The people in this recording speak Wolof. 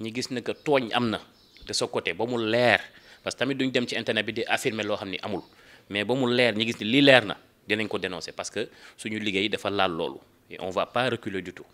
Nous gis que amna de ce côté ba mu l'air, parce que tamit duñ dem ci internet bi di affirmer lo xamni amul mais ba mu gis ni na dinañ ko dénoncer parce que suñu liggéey dafa laal loolu et on va pas reculer du tout.